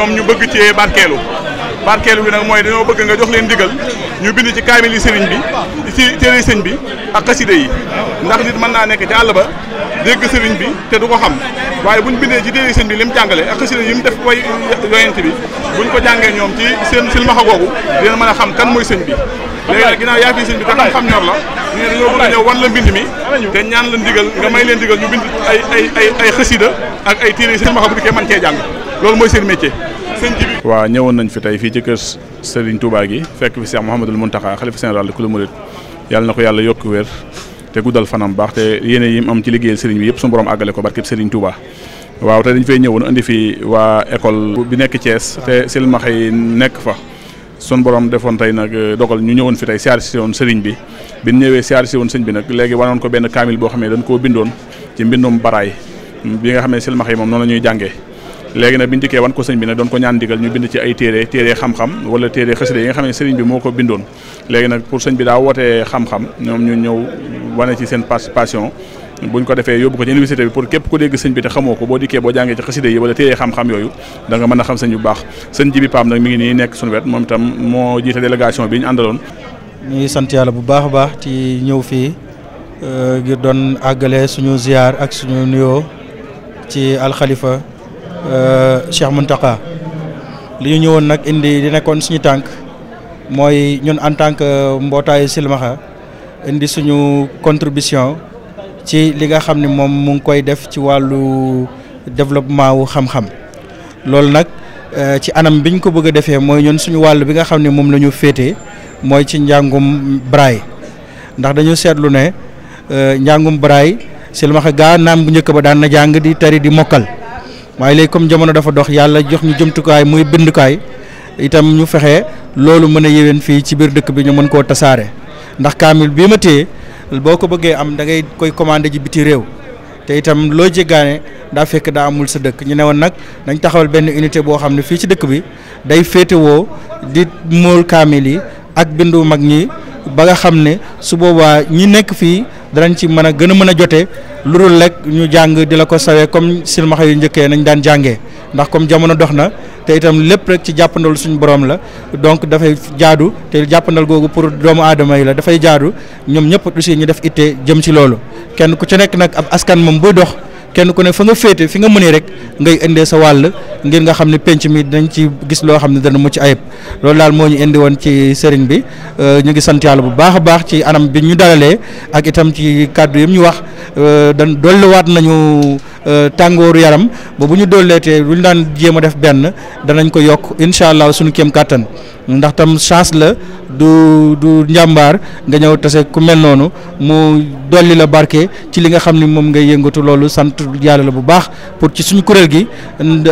ñoom ñu bëgg cee barkeelu barkeelu bi nag mooy dañoo bëgg nga jox leen digal ñu bind ci kaamil yi sëriñ bi ci téere sëñ bi ak xaside yi ndax nit mën naa nekk ci àll ba dégg sëriñ bi te du ko xam waaye buñ bindee ci téere sëñ bi lim jàngale ak xaside yi mu def koy yoyent bi buñ ko jàngee ñoom ci seen silmaxa googu dina mën a xam kan mooy sëñ bi léegi nag ginnaaw yaa bi tax xam ñor la wan la mbind mi te ñaan lan ndigal nga may leen ndigal ñu bind ay ay ay ak ay téere sëñ ma xam bu dikkee man cee jàng loolu mooy seen métier sëñ ñëwoon nañ fi tey fii jëkkër kër Serigne gi fekk fi Cheikh Mouhamadoul Mountakha xalifa général de Mouride yàlla na ko yàlla yokk wér te guddal fanam baax te yeneen yi mu am ci liggéeyal Serigne bi yëpp suñu borom àggale ko barkeb Serigne Touba waaw te dañ fay ñëwoon indi fi waa école bi nekk Thiès te silmaxa yi nekk fa sun borom defoon tey nag euh, dogal ñu ñëwoon fi tey siyaar si woon sëriñ bi bi ñu ñëwee siyaar si woon sëriñ bi nag léegi wanoon ko benn kaamil boo xam ne dañ koo bindoon ci mbindum baraay mm, bi nga xam ne silmax yi moom noonu la ñuy jàngee léegi nag bi ñu wan ko sëñ bi nag doon ko ñaan digal ñu bind ci ay téere téere xam-xam wala téere xasida yi nga xam ne sëriñ bi moo ko bindoon léegi nag pour sëñ bi daa wootee xam-xam ñoom ñu ñëw wane ci seen participation bu buñ ko defee yóbbu ko ci université bi pour képp ku dégg sëñ bi te xamoo ko boo dikkee boo jàngee ci xasida yi wala téere xam-xam yooyu da nga mën a xam sëñ bu baax sëñ jibi bi paam nag mi ngi nii nekk suñu wet moom itam moo jiite délégation bi ñu àndaloon ñu ngi sant yàlla bu baax baax ci ñëw fii euh, ngir doon àggale suñu ziar ak suñu nuyoo ci alxalifa euh, Cheikh Mountakha li ñu ñëwoon nag indi di nekkoon suñu tànk mooy ñun en tant que mbootaayu silmaxa indi suñu contribution ci li nga xam ne moom mu ngi koy def ci wàllu développement wu xam-xam loolu nag euh, ci anam biñ ko bëgg a defee mooy ñun suñu wàll bi nga xam ne moom la ñu féetee mooy ci njàngum braille ndax dañu seetlu ne euh, njàngum braille silmaxa gaa naam bu njëkk ba daan na jàng di tari di mokkal waaye léegi comme jamono dafa dox yàlla jox ñu jëmtukaay muy bindukaay itam ñu fexe loolu mën a yéwén fii ci biir dëkk bi ñu mën koo tasaare ndax kaamil bii ma téye boo ko bëggee am dangay ngay koy commandé ji biti réew te itam loo jéggaane daa fekk daa amul sa dëkk ñu ne woon nag dañ taxawal benn unité boo xam ne fii ci dëkk bi day féetewoo di mool kaamil yi ak bindu mag ñi ba nga xam ne su boobaa ñi nekk fii danañ ci mën a gën a mën a jote lu dul lekk ñu jàng di la ko sawee comme silmaxa yu njëkkee nañ daan jàngee ndax comme jamono dox na te itam lépp rek ci jàppandal suñu borom la donc dafay jaadu te jàppandal googu pour doomu aadama yi la dafay jaadu ñoom ñëpp aussi ñu def ite jëm ci loolu kenn ku ci nekk nag ab askan moom buy dox kenn ku ne fa nga féete fi nga mën mënee rek ngay indee sa wàll ngir nga xam ne penc mi dañ ci gis loo xam ne dana mucc ayib loolu daal moo ñu indi woon ci sëriñ bi euh, ñu ngi sant yàlla bu baax a baax ci anam bi ñu dalalee ak itam ci kàddu yi ñu wax euh, dan dolliwaat nañu Euh, tàngooru yaram ba bu ñu dooleetee lu ñu daan jéem a def benn danañ ko yokk incha allah suñu kéem kàttan ndax tam chance la du du njàmbaar nga ñëw tase ku mel noonu mu dolli la barke ci li nga xam ni moom ngay yëngatu loolu sant yàlla la bu baax pour ci suñu kuréel gi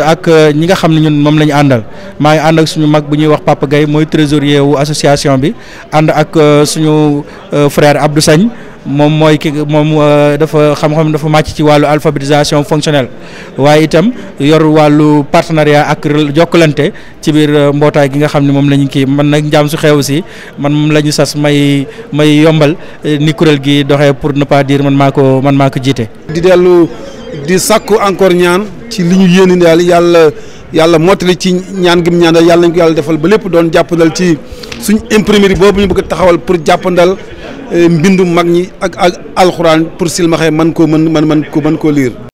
ak euh, ñi nga xam ne ñun moom la ñu àndal maa ngi ànd ak suñu mag bu ñuy wax Papa mooy trésorier wu association bi ànd ak euh, suñu frère Abdou sañ moom mooy ki moom euh, dafa xam-xam dafa màcc ci wàllu alphabétisation fonctionnelle waaye itam yor wàllu partenariat ak jokkalante ci biir euh, mbootaay gi nga xam ne moom la ñu kii man nag njaam su xew si man moom la ñu sas may may yombal euh, ni kuréel gi doxee pour ne pas man maa ko man maa ko jiite. di dellu di sàkku encore ñaan ci li ñu yéene daal yàlla yàlla mottali ci ñaan gi mu ñaan yàlla nañ ko yàlla defal ba lépp doon jàppandal ci suñ imprimerie boobu ñu bëgg taxawal pour jàppandal. mbindum mag ñi ak ak alxuraan pour silmaxee man koo mën man man ko mën koo liir